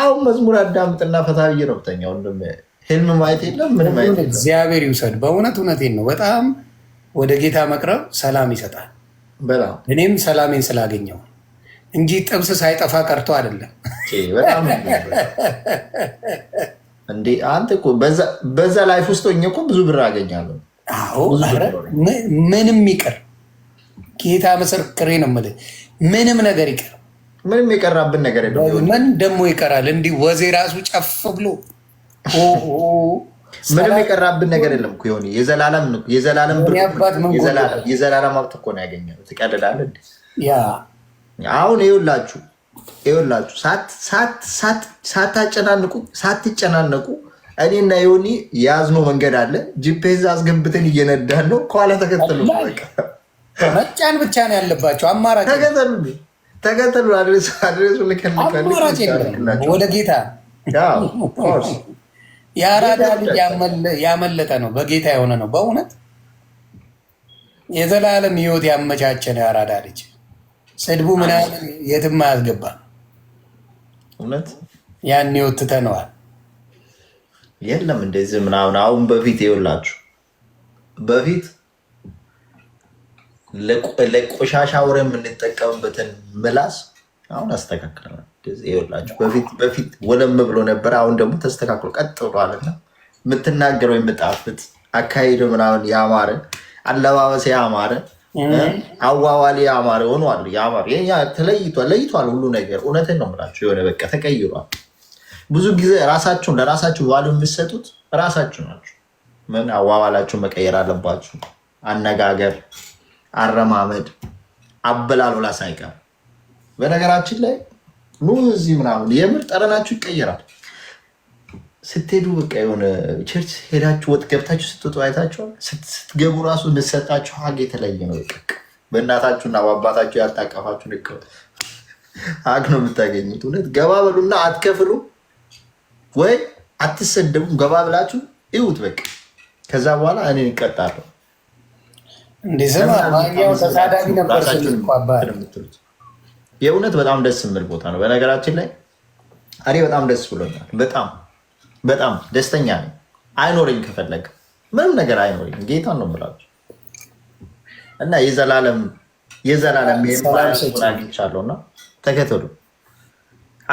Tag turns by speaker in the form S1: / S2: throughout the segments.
S1: አሁን መዝሙር አዳምጥና ፈታ ብዬ ነው የምተኛው። ወንድም ህልም ማየት የለም ምንም ማየት የለም።
S2: እግዚአብሔር ይውሰድ። በእውነት እውነቴን ነው። በጣም ወደ ጌታ መቅረብ ሰላም ይሰጣል። በጣም እኔም ሰላሜን ስላገኘው እንጂ ጥብስ ሳይጠፋ ቀርቶ አይደለም።
S1: እንዴ አንተ እኮ በዛ ላይፍ ውስጥ ሆኜ እኮ ብዙ ብር አገኛለሁ።
S2: ምንም ይቅር ጌታ ምስክሬ ነው የምልህ ምንም ነገር ይቅር
S1: ምንም የቀራብን ነገር
S2: ምን ደግሞ ይቀራል? እንዲህ ወዜ ራሱ ጨፍ ብሎ
S1: ምንም የቀራብን ነገር የለም። ሆኒ የዘላለም የዘላለም የዘላለም ሀብት እኮ ነው ያገኘ። ትቀልዳለህ። አሁን ይኸውላችሁ ይኸውላችሁ ሳታጨናንቁ ሳትጨናነቁ እኔና ዮኒ የያዝኖ መንገድ አለ። ጂፒኤስ አስገብተን እየነዳን ነው። ከኋላ ተከተሉ።
S2: መጫን ብቻ ነው ያለባቸው። አማራጭ
S1: ተከተሉ። ተከተሉ። አድሬሱ
S2: ልከልከልላቸው ወደ ጌታ የአራዳ ልጅ ያመለጠ ነው፣ በጌታ የሆነ ነው። በእውነት የዘላለም ህይወት ያመቻቸ ነው። የአራዳ ልጅ ስድቡ ምናምን የትም አያስገባ። እውነት ያን ይወትተነዋል።
S1: የለም እንደዚህ ምናምን አሁን በፊት ይውላችሁ በፊት ለቆሻሻ ወሬ የምንጠቀምበትን ምላስ አሁን አስተካክለናል። ይኸውላችሁ በፊት በፊት ወለም ብሎ ነበር። አሁን ደግሞ ተስተካክሎ ቀጥ ብሏልና የምትናገረው የምጣፍጥ አካሄድ ምናምን ያማረ አለባበስ ያማረ አዋዋሌ ያማረ ሆኗል። ያማረ ተለይቷል፣ ለይቷል ሁሉ ነገር እውነትን ነው የምላችሁ። የሆነ በቃ ተቀይሯል። ብዙ ጊዜ ራሳችሁን ለራሳችሁ ባሉ የምትሰጡት ራሳችሁ ናችሁ። ምን አዋዋላችሁ መቀየር አለባችሁ። አነጋገር አረማመድ አበላሉላ ሳይቀር በነገራችን ላይ ኑ እዚህ ምናምን የምር ጠረናችሁ ይቀየራል። ስትሄዱ በቃ የሆነ ቸርች ሄዳችሁ ወጥ ገብታችሁ ስትወጡ አይታችኋል። ስትገቡ ራሱ የምትሰጣችሁ ሀግ የተለየ ነው። በእናታችሁና በአባታችሁ ያልታቀፋችሁ ልክ ሀግ ነው የምታገኙት። እውነት ገባ በሉና አትከፍሉ ወይ አትሰደቡም። ገባ ብላችሁ ይሁት በቃ ከዛ በኋላ እኔ ይቀጣለሁ። የእውነት በጣም ደስ የሚል ቦታ ነው። በነገራችን ላይ እኔ በጣም ደስ ብሎኛል። በጣም በጣም ደስተኛ ነኝ። አይኖረኝ ከፈለግ ምንም ነገር አይኖረኝ። ጌታ ነው የምላችሁ እና የዘላለም የዘላለም ይቻለውና ተከተሉ።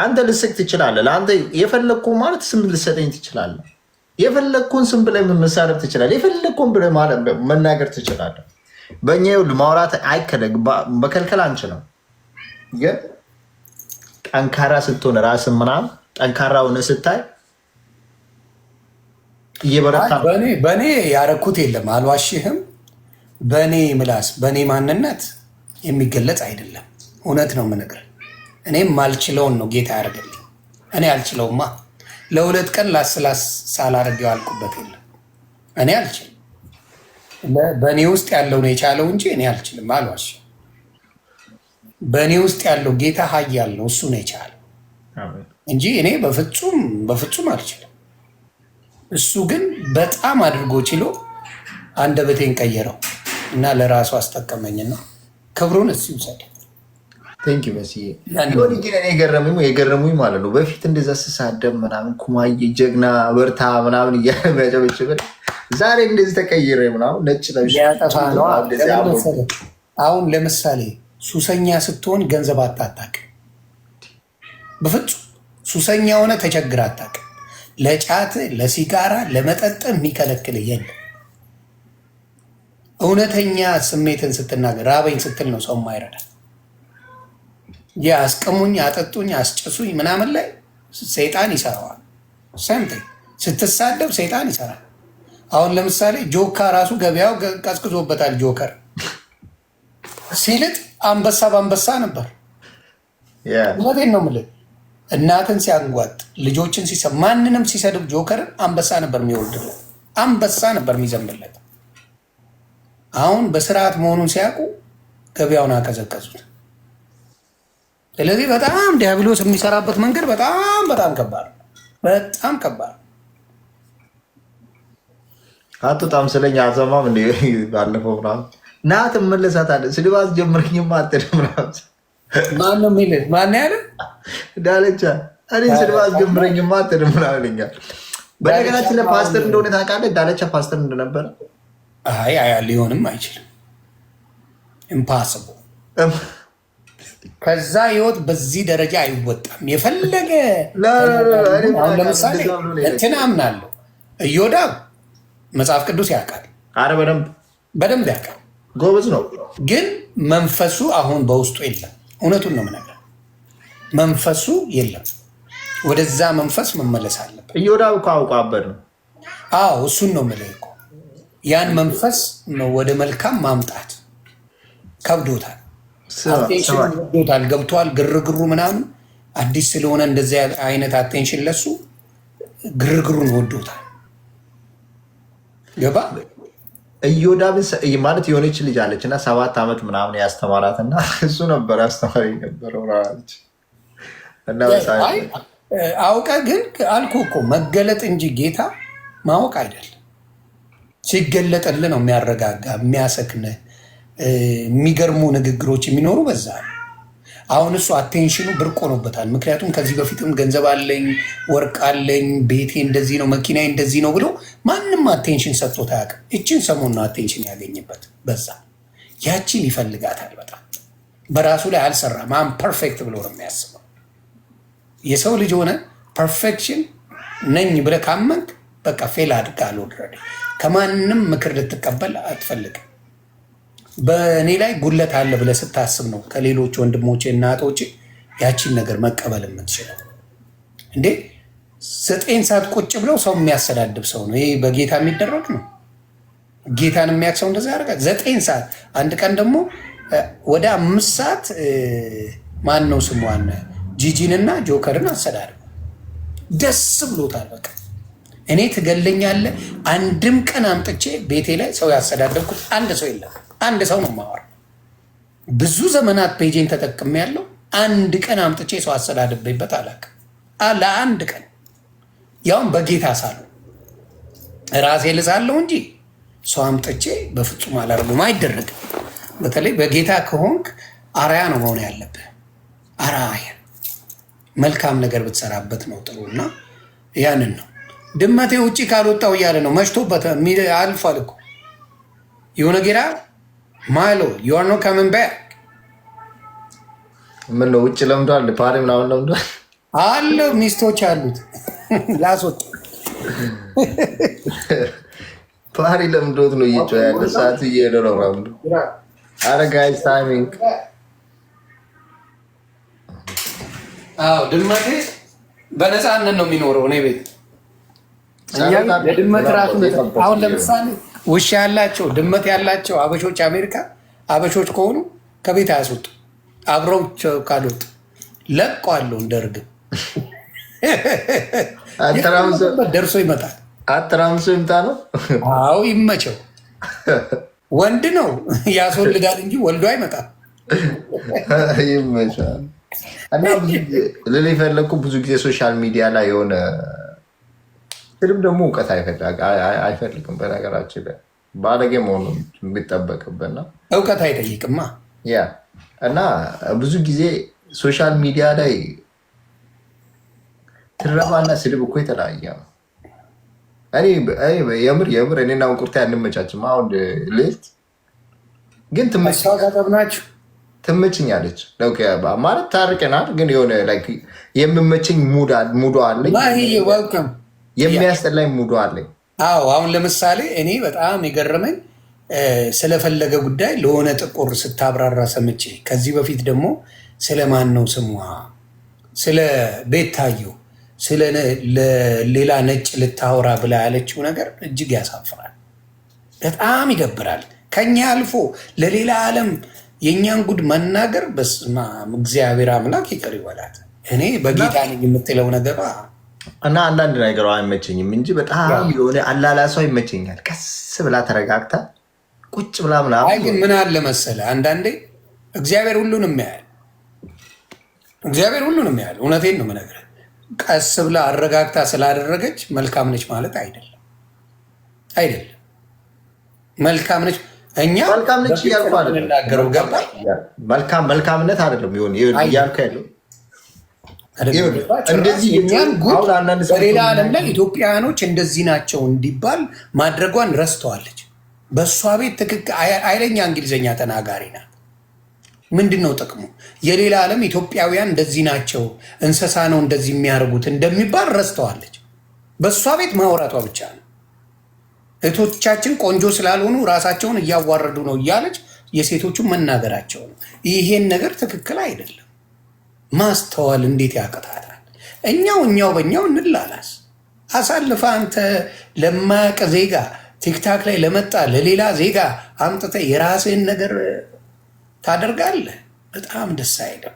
S1: አንተ ልስቅ ትችላለህ። ለአንተ የፈለግኩህ ማለት ስም ልሰጠኝ ትችላለህ። የፈለግኩን ስም ብለህ መሳረብ ትችላለህ። የፈለግኩን ብለህ መናገር ትችላለህ። በእኛ ሁሉ ማውራት አይከለግ መከልከል አንችልም፣ ግን ጠንካራ ስትሆን ራስ ምናምን ጠንካራ ሆነ ስታይ እየበረታ
S2: በእኔ ያረኩት የለም አልዋሽህም። በእኔ ምላስ በእኔ ማንነት የሚገለጽ አይደለም። እውነት ነው የምነግርህ። እኔም ማልችለውን ነው ጌታ ያደርገልኝ። እኔ አልችለውማ ለሁለት ቀን ላስላስ ሳላደርገው አልኩበት የለም። እኔ አልችልም። በእኔ ውስጥ ያለው ነው የቻለው እንጂ እኔ አልችልም። አሏሽ። በእኔ ውስጥ ያለው ጌታ ኃያል ነው፣ እሱ ነው የቻለው እንጂ እኔ በፍጹም በፍጹም አልችልም። እሱ ግን በጣም አድርጎ ችሎ አንደበቴን ቀየረው እና ለራሱ አስጠቀመኝና ክብሩን እሱ ይውሰድ።
S1: ግን እኔ የገረሙኝ የገረሙኝ ማለት ነው በፊት እንደዛ ስሳደብ ምናምን ኩማዬ ጀግና በርታ ምናምን እያለ ዛሬ እንደዚህ ተቀይረ ምናምን ነጭ
S2: አሁን ለምሳሌ ሱሰኛ ስትሆን ገንዘብ አታታቅ በፍጹም ሱሰኛ ሆነ ተቸግር አታቅ ለጫት ለሲጋራ ለመጠጥ የሚከለክል የለም። እውነተኛ ስሜትን ስትናገር ራበኝ ስትል ነው ሰው ማይረዳ። አስቀሙኝ አጠጡኝ አስጭሱኝ ምናምን ላይ ሰይጣን ይሰራዋል። ሰምተኝ ስትሳደብ ሰይጣን ይሰራል። አሁን ለምሳሌ ጆካ ራሱ ገበያው ቀዝቅዞበታል። ጆከር ሲልጥ አንበሳ በአንበሳ ነበር። እውነቴን ነው የምልህ። እናትን ሲያንጓጥ፣ ልጆችን ሲሰብ፣ ማንንም ሲሰድብ ጆከርን አንበሳ ነበር የሚወርድለት፣ አንበሳ ነበር የሚዘምለት አሁን በስርዓት መሆኑን ሲያውቁ ገበያውን አቀዘቀዙት። ስለዚህ በጣም ዲያብሎስ የሚሰራበት መንገድ በጣም በጣም ከባድ በጣም ከባድ
S1: አትወጣም ስለኛ አሰማም እንደ ባለፈው ምናምን ናት እመለሳታለሁ። ስድባት ጀምረኝማ አትሄድም ምናምን
S2: ማነው የሚልህ ማነው ያለ
S1: ዳለቻ እኔ ስድባት ጀምረኝማ አትሄድም ምናምን ይለኛል። በነገራችን ለፓስተር እንደሆነ ታውቃለህ። ዳለቻ ፓስተር እንደነበረ
S2: አይ አያ ሊሆንም አይችልም። ኢምፓስብል ከዛ ህይወት በዚህ ደረጃ አይወጣም። የፈለገ
S1: ለምሳሌ
S2: እንትን አምናለሁ እዮዳብ መጽሐፍ ቅዱስ ያውቃል። አረ በደንብ በደንብ ያውቃል። ጎበዝ ነው። ግን መንፈሱ አሁን በውስጡ የለም። እውነቱን ነው የምነግርህ፣ መንፈሱ የለም። ወደዛ መንፈስ መመለስ አለበት።
S1: እዮዳብ እኮ ነው።
S2: አዎ እሱን ነው የምልህ እኮ ያን መንፈስ ወደ መልካም ማምጣት ከብዶታል። ከብዶታል፣ ገብቷል። ግርግሩ ምናምን አዲስ ስለሆነ እንደዚህ አይነት አቴንሽን ለሱ ግርግሩን ወዶታል። ገባ
S1: እዮዳብን ማለት የሆነች ልጅ አለች እና ሰባት ዓመት ምናምን ያስተማራት እና እሱ ነበር አስተማሪ ነበረው ናለች እና
S2: አውቀ ግን አልኩ እኮ መገለጥ እንጂ ጌታ ማወቅ አይደለም። ሲገለጠልህ ነው የሚያረጋጋ የሚያሰክነ የሚገርሙ ንግግሮች የሚኖሩ በዛ ነው። አሁን እሱ አቴንሽኑ ብርቅ ሆኖበታል። ምክንያቱም ከዚህ በፊትም ገንዘብ አለኝ፣ ወርቅ አለኝ፣ ቤቴ እንደዚህ ነው፣ መኪና እንደዚህ ነው ብሎ ማንም አቴንሽን ሰጥቶት አያውቅም። እችን ሰሞን ነው አቴንሽን ያገኝበት። በዛ ያችን ይፈልጋታል በጣም በራሱ ላይ አልሰራም። አም ፐርፌክት ብሎ ነው የሚያስበው። የሰው ልጅ ሆነ ፐርፌክሽን ነኝ ብለህ ካመንክ በቃ ፌል አድጋ ኦልሬዲ። ከማንም ምክር ልትቀበል አትፈልግም። በእኔ ላይ ጉለት አለ ብለህ ስታስብ ነው ከሌሎች ወንድሞች እናቶች ያቺን ነገር መቀበል የምትችለው። እንዴ ዘጠኝ ሰዓት ቁጭ ብለው ሰው የሚያሰዳድብ ሰው ነው ይሄ በጌታ የሚደረግ ነው። ጌታን የሚያውቅ ሰው እንደዛ ያደርጋል። ዘጠኝ ሰዓት አንድ ቀን ደግሞ ወደ አምስት ሰዓት ማን ነው ስሟን ጂጂንና ጆከርን አሰዳድበው ደስ ብሎታል። በቃ እኔ ትገለኛለህ። አንድም ቀን አምጥቼ ቤቴ ላይ ሰው ያሰዳደብኩት አንድ ሰው የለም። አንድ ሰው ነው የማወራው። ብዙ ዘመናት ፔጄን ተጠቅሜ ያለው አንድ ቀን አምጥቼ ሰው አሰዳድቤበት አላውቅም። ለአንድ ቀን ያውም በጌታ ሳሉ ራሴ ልሳለሁ እንጂ ሰው አምጥቼ በፍጹም አላርጉም፣ አይደረግም። በተለይ በጌታ ከሆንክ አርያ ነው መሆን ያለብህ። አርያ መልካም ነገር ብትሰራበት ነው ጥሩ እና ያንን ነው ድመቴ ውጭ ካልወጣው እያለ ነው መሽቶበት አልፏል እኮ የሆነ ጌራ ማይሎ ዩ አር ኖ ካሚንግ ባክ።
S1: ምን ነው ውጭ ለምዷል፣ ፓሪ ምናምን ለምዷል
S2: አለ ሚስቶች አሉት ላስወጣ
S1: ፓሪ ለምዶት ነው እየጮ ያለ። ሰዓቱ እየሄደ ነው ምናምን። ኧረ ጋይስ ታይሚንግ
S2: አዎ ድመቴ በነፃነት ነው የሚኖረው እኔ ቤት። እኛ ለድመት ራሱ አሁን ለምሳሌ ውሻ ያላቸው ድመት ያላቸው አበሾች አሜሪካ አበሾች ከሆኑ ከቤት አያስወጡ አብረው ካልወጡ ለቀዋለሁ እንደርግ ደርሶ ይመጣል።
S1: አተራምሶ ይምጣ ነው።
S2: አዎ ይመቸው። ወንድ ነው ያስወልዳል እንጂ ወልዶ አይመጣም።
S1: ይመቻል። እና ልል የፈለግኩ ብዙ ጊዜ ሶሻል ሚዲያ ላይ የሆነ ስድብ ደግሞ እውቀት አይፈልግም። በነገራችን ላይ ባለጌ መሆኑ የሚጠበቅብና
S2: እውቀት አይጠይቅማ።
S1: ያ እና ብዙ ጊዜ ሶሻል ሚዲያ ላይ ትረባና ስድብ እኮ የተለያየ ነው። የምር የምር እኔና እንቁርቴ ያንመቻችም አሁን ልዕልት ግን
S2: ትመችኛለች
S1: ትመችኛለች ማለት ታርቀናል። ግን የሆነ የምመችኝ ሙዱ አለኝ የሚያስጠላኝ ሙዶ አለኝ።
S2: አዎ አሁን ለምሳሌ እኔ በጣም የገረመኝ ስለፈለገ ጉዳይ ለሆነ ጥቁር ስታብራራ ሰምቼ ከዚህ በፊት ደግሞ ስለ ማን ነው ስሟ ስለ ቤታየሁ ስለ ሌላ ነጭ ልታወራ ብላ ያለችው ነገር እጅግ ያሳፍራል፣ በጣም ይደብራል። ከኛ አልፎ ለሌላ ዓለም የእኛን ጉድ መናገር በስመ አብ እግዚአብሔር አምላክ ይቅር ይበላት። እኔ በጌታ ነኝ የምትለው ነገር
S1: እና አንዳንድ ነገሯ አይመቸኝም እንጂ በጣም የሆነ አላላሷ ይመቸኛል። ቀስ ብላ ተረጋግታ ቁጭ ብላ ምናምን።
S2: ግን ምን አለ መሰለ አንዳንዴ እግዚአብሔር ሁሉንም ያያል። እግዚአብሔር ሁሉንም ያያል። እውነቴን ነው የምነግርህ። ቀስ ብላ አረጋግታ ስላደረገች መልካም ነች ማለት አይደለም፣ አይደለም። መልካም ነች እኛ
S1: መልካም ነች እያልኩ
S2: አይደለም።
S1: መልካምነት አይደለም ሆን እያልኩ ያለው
S2: እንደዚህ በሌላ ዓለም ላይ ኢትዮጵያውያኖች እንደዚህ ናቸው እንዲባል ማድረጓን ረስተዋለች። በእሷ ቤት ትክክ አይለኛ እንግሊዝኛ ተናጋሪ ናት። ምንድን ነው ጥቅሙ? የሌላ ዓለም ኢትዮጵያውያን እንደዚህ ናቸው፣ እንስሳ ነው እንደዚህ የሚያደርጉት እንደሚባል ረስተዋለች። በእሷ ቤት ማውራቷ ብቻ ነው። እህቶቻችን ቆንጆ ስላልሆኑ ራሳቸውን እያዋረዱ ነው እያለች የሴቶቹ መናገራቸው ነው። ይሄን ነገር ትክክል አይደለም። ማስተዋል እንዴት ያቅታታል? እኛው እኛው በእኛው እንላላስ። አሳልፈ አንተ ለማያውቅ ዜጋ ቲክታክ ላይ ለመጣ ለሌላ ዜጋ አምጥተ የራስህን ነገር ታደርጋለህ። በጣም ደስ አይልም።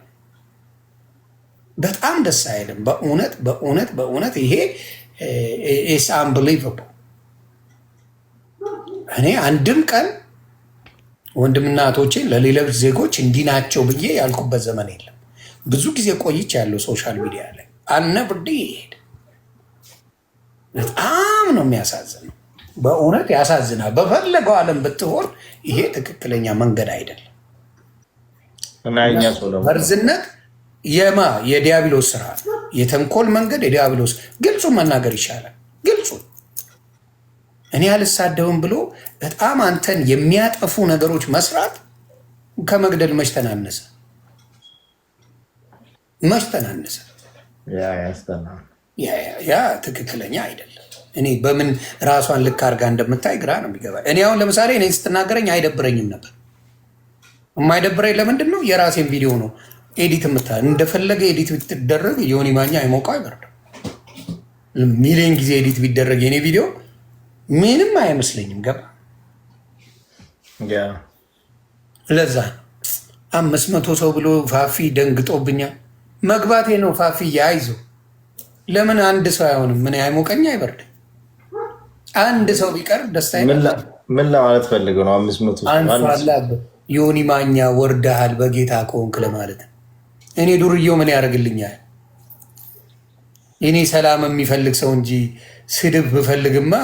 S2: በጣም ደስ አይልም። በእውነት በእውነት በእውነት ይሄ ኢስ እኔ አንድም ቀን ወንድምና እህቶቼን ለሌሎች ዜጎች እንዲህ ናቸው ብዬ ያልኩበት ዘመን የለም። ብዙ ጊዜ ቆይቼ ያለው ሶሻል ሚዲያ ላይ አልነብርድ ይሄድ በጣም ነው የሚያሳዝነው። በእውነት ያሳዝናል። በፈለገው ዓለም ብትሆን ይሄ ትክክለኛ መንገድ አይደለም። መርዝነት የማ የዲያብሎስ ስራ የተንኮል መንገድ የዲያብሎስ ግልጹ መናገር ይሻላል። ግልጹ እኔ አልሳደብም ብሎ በጣም አንተን የሚያጠፉ ነገሮች መስራት ከመግደል መች ተናነሰ? ማስተናነሰ ያ ትክክለኛ አይደለም። እኔ በምን ራሷን ልክ አድርጋ እንደምታይ ግራ ነው የሚገባ። እኔ አሁን ለምሳሌ እኔ ስትናገረኝ አይደብረኝም ነበር። የማይደብረኝ ለምንድን ነው? የራሴን ቪዲዮ ነው ኤዲት ምታ እንደፈለገ ኤዲት ብትደረግ የሆነ ማኛ አይሞቀው አይበርድም። ሚሊዮን ጊዜ ኤዲት ቢደረግ የኔ ቪዲዮ ምንም አይመስለኝም። ገባ ለዛ አምስት መቶ ሰው ብሎ ፋፊ ደንግጦብኛል። መግባቴ ነው። ፋፍያ አይዞ፣ ለምን አንድ ሰው አይሆንም? ምን አይሞቀኝ አይበርድ፣ አንድ ሰው ቢቀር ደስታ።
S1: ምን ለማለት ፈልገው ነው? አምስት መቶ
S2: ዮኒ ማኛ ወርዳሃል፣ በጌታ ከሆንክ ለማለት እኔ ዱርዬው ምን ያደርግልኛል? እኔ ሰላም የሚፈልግ ሰው እንጂ ስድብ ብፈልግማ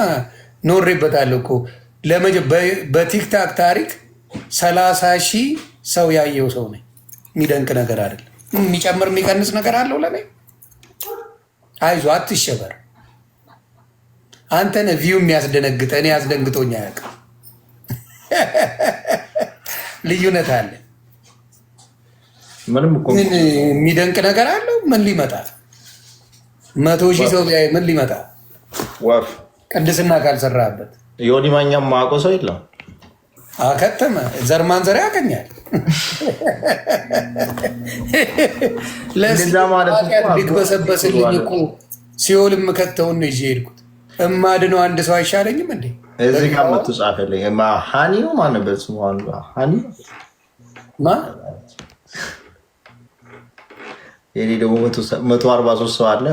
S2: ኖሬበታለሁ እኮ በቲክታክ ታሪክ ሰላሳ ሺህ ሰው ያየው ሰው ነኝ። የሚደንቅ ነገር አይደለም። የሚጨምር የሚቀንስ ነገር አለው ለኔ? አይዞ አትሸበር። አንተን ቪው የሚያስደነግጠ እኔ ያስደንግጦኝ አያውቅም። ልዩነት አለ። የሚደንቅ ነገር አለው? ምን ሊመጣ መቶ ሺህ ሰው ቢያይ ምን ሊመጣ? ቅድስና ካልሰራበት
S1: ዮኒ ማኛም ማቆ ሰው የለም።
S2: አከተመ ዘር ማንዘር ያገኛል። ቢግበሰበስልኝ እኮ ሲኦል የምከተውን ነው ይዤ ሄድኩት። እማድነው አንድ ሰው አይሻለኝም እንዴ?
S1: እዚህ ጋር መቶ ጻፈልኝ። ሀኒ ነው ማነበር ስሙ የኔ ደግሞ መቶ አርባ ሶስት ሰው አለ